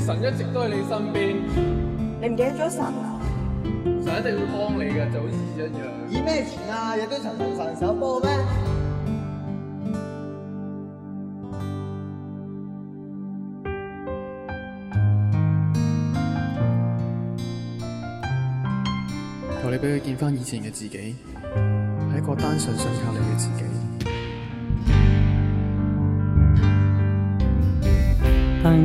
神一直都喺你身邊，你唔記得咗神？啊？神一定會幫你嘅，就好似一樣。以咩錢啊，亦都尋尋神手，好咩？求你俾佢見翻以前嘅自己，係一個單純信靠你嘅自己。